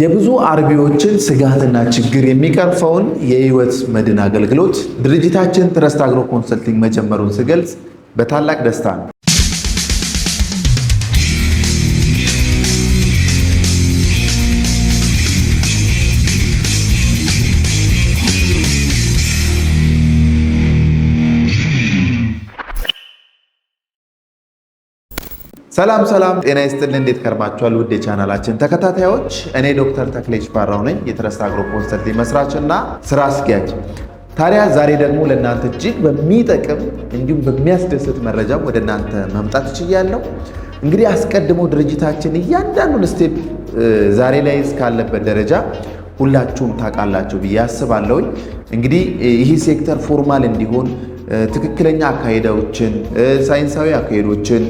የብዙ አርቢዎችን ስጋትና ችግር የሚቀርፈውን የህይወት መድን አገልግሎት ድርጅታችን ትረስት አግሮ ኮንሰልቲንግ መጀመሩን ስገልጽ በታላቅ ደስታ ነው። ሰላም ሰላም፣ ጤና ይስጥልን። እንዴት ከርማችኋል? ውድ የቻናላችን ተከታታዮች፣ እኔ ዶክተር ተክሌ ሽባራው ነኝ የትረስት አግሮ ኮንሰልቲንግ መስራች እና ስራ አስኪያጅ። ታዲያ ዛሬ ደግሞ ለእናንተ እጅግ በሚጠቅም እንዲሁም በሚያስደስት መረጃ ወደ እናንተ መምጣት እችያለሁ። እንግዲህ አስቀድሞ ድርጅታችን እያንዳንዱን ስቴፕ ዛሬ ላይ እስካለበት ደረጃ ሁላችሁም ታውቃላችሁ ብዬ አስባለሁኝ። እንግዲህ ይህ ሴክተር ፎርማል እንዲሆን ትክክለኛ አካሄዳዎችን ሳይንሳዊ አካሄዶችን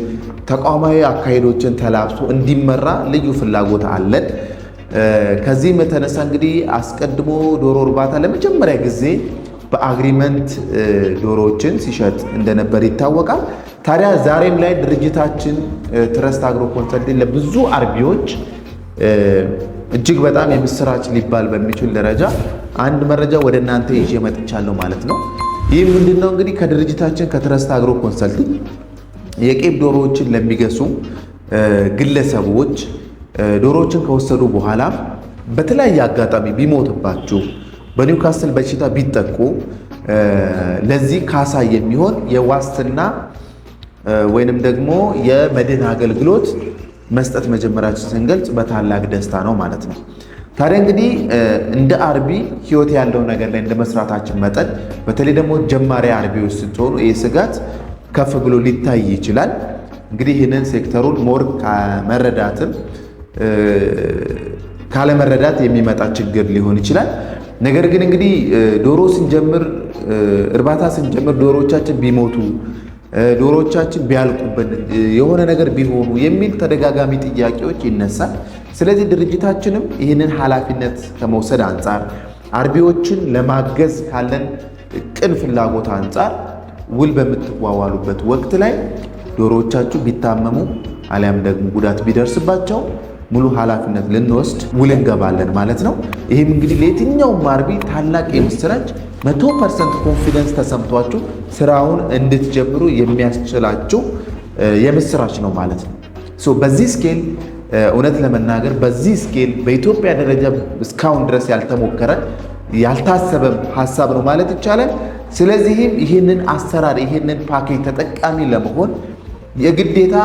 ተቋማዊ አካሄዶችን ተላብሶ እንዲመራ ልዩ ፍላጎት አለን። ከዚህም የተነሳ እንግዲህ አስቀድሞ ዶሮ እርባታ ለመጀመሪያ ጊዜ በአግሪመንት ዶሮዎችን ሲሸጥ እንደነበር ይታወቃል። ታዲያ ዛሬም ላይ ድርጅታችን ትረስት አግሮ ኮንሰልቲንግ ለብዙ አርቢዎች እጅግ በጣም የምስራች ሊባል በሚችል ደረጃ አንድ መረጃ ወደ እናንተ ይዤ መጥቻለሁ ማለት ነው። ይህ ምንድነው እንግዲህ ከድርጅታችን ከትረስት አግሮ ኮንሰልቲንግ የቄብ ዶሮዎችን ለሚገሱ ግለሰቦች ዶሮዎችን ከወሰዱ በኋላ በተለያየ አጋጣሚ ቢሞትባችሁ፣ በኒውካስል በሽታ ቢጠቁ ለዚህ ካሳ የሚሆን የዋስትና ወይንም ደግሞ የመድን አገልግሎት መስጠት መጀመራችን ስንገልጽ በታላቅ ደስታ ነው ማለት ነው። ታዲያ እንግዲህ እንደ አርቢ ህይወት ያለው ነገር ላይ እንደ መስራታችን መጠን በተለይ ደግሞ ጀማሪ አርቢዎች ስትሆኑ ይህ ስጋት ከፍ ብሎ ሊታይ ይችላል። እንግዲህ ይህንን ሴክተሩን ሞር ከመረዳትም ካለመረዳት የሚመጣ ችግር ሊሆን ይችላል። ነገር ግን እንግዲህ ዶሮ ስንጀምር እርባታ ስንጀምር ዶሮቻችን ቢሞቱ ዶሮቻችን ቢያልቁብን የሆነ ነገር ቢሆኑ የሚል ተደጋጋሚ ጥያቄዎች ይነሳል። ስለዚህ ድርጅታችንም ይህንን ኃላፊነት ከመውሰድ አንጻር አርቢዎችን ለማገዝ ካለን ቅን ፍላጎት አንጻር ውል በምትዋዋሉበት ወቅት ላይ ዶሮዎቻችሁ ቢታመሙ አሊያም ደግሞ ጉዳት ቢደርስባቸው ሙሉ ኃላፊነት ልንወስድ ውል እንገባለን ማለት ነው። ይህም እንግዲህ ለየትኛውም አርቢ ታላቅ የምስራች መቶ ፐርሰንት ኮንፊደንስ ተሰምቷችሁ ስራውን እንድትጀምሩ የሚያስችላችሁ የምስራች ነው ማለት ነው። በዚህ ስኬል እውነት ለመናገር በዚህ ስኬል በኢትዮጵያ ደረጃ እስካሁን ድረስ ያልተሞከረ ያልታሰበም ሀሳብ ነው ማለት ይቻላል። ስለዚህም ይህንን አሰራር ይህንን ፓኬጅ ተጠቃሚ ለመሆን የግዴታ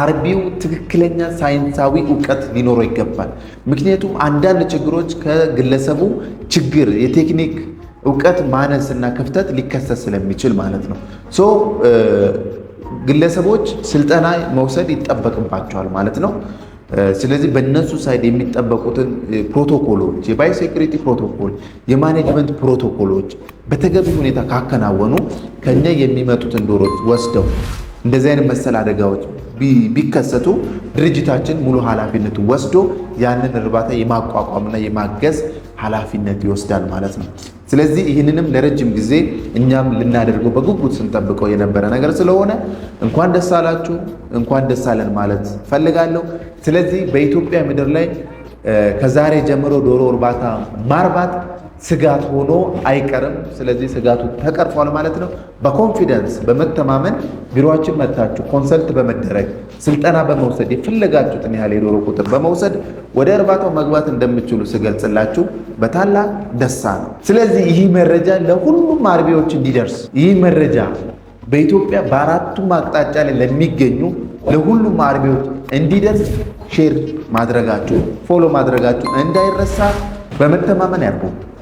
አርቢው ትክክለኛ ሳይንሳዊ እውቀት ሊኖረው ይገባል። ምክንያቱም አንዳንድ ችግሮች ከግለሰቡ ችግር የቴክኒክ እውቀት ማነስ እና ክፍተት ሊከሰት ስለሚችል ማለት ነው። ሶ ግለሰቦች ስልጠና መውሰድ ይጠበቅባቸዋል ማለት ነው። ስለዚህ በእነሱ ሳይድ የሚጠበቁትን ፕሮቶኮሎች ሴኩሪቲ ፕሮቶኮል፣ የማኔጅመንት ፕሮቶኮሎች በተገቢ ሁኔታ ካከናወኑ ከኛ የሚመጡትን ዶሮች ወስደው እንደዚህ አይነት መሰል አደጋዎች ቢከሰቱ ድርጅታችን ሙሉ ኃላፊነቱ ወስዶ ያንን እርባታ የማቋቋምና የማገዝ ኃላፊነት ይወስዳል ማለት ነው። ስለዚህ ይህንንም ለረጅም ጊዜ እኛም ልናደርገው በጉጉት ስንጠብቀው የነበረ ነገር ስለሆነ እንኳን ደስ አላችሁ፣ እንኳን ደስ አለን ማለት ፈልጋለሁ። ስለዚህ በኢትዮጵያ ምድር ላይ ከዛሬ ጀምሮ ዶሮ እርባታ ማርባት ስጋት ሆኖ አይቀርም። ስለዚህ ስጋቱ ተቀርፏል ማለት ነው። በኮንፊደንስ በመተማመን ቢሮችን መታችሁ ኮንሰልት በመደረግ ስልጠና በመውሰድ የፈለጋችሁትን ያህል የዶሮ ቁጥር በመውሰድ ወደ እርባታው መግባት እንደምትችሉ ስገልጽላችሁ በታላቅ ደስታ ነው። ስለዚህ ይህ መረጃ ለሁሉም አርቢዎች እንዲደርስ ይህ መረጃ በኢትዮጵያ በአራቱም አቅጣጫ ላይ ለሚገኙ ለሁሉም አርቢዎች እንዲደርስ ሼር ማድረጋችሁ ፎሎ ማድረጋችሁ እንዳይረሳ። በመተማመን ያርቡ።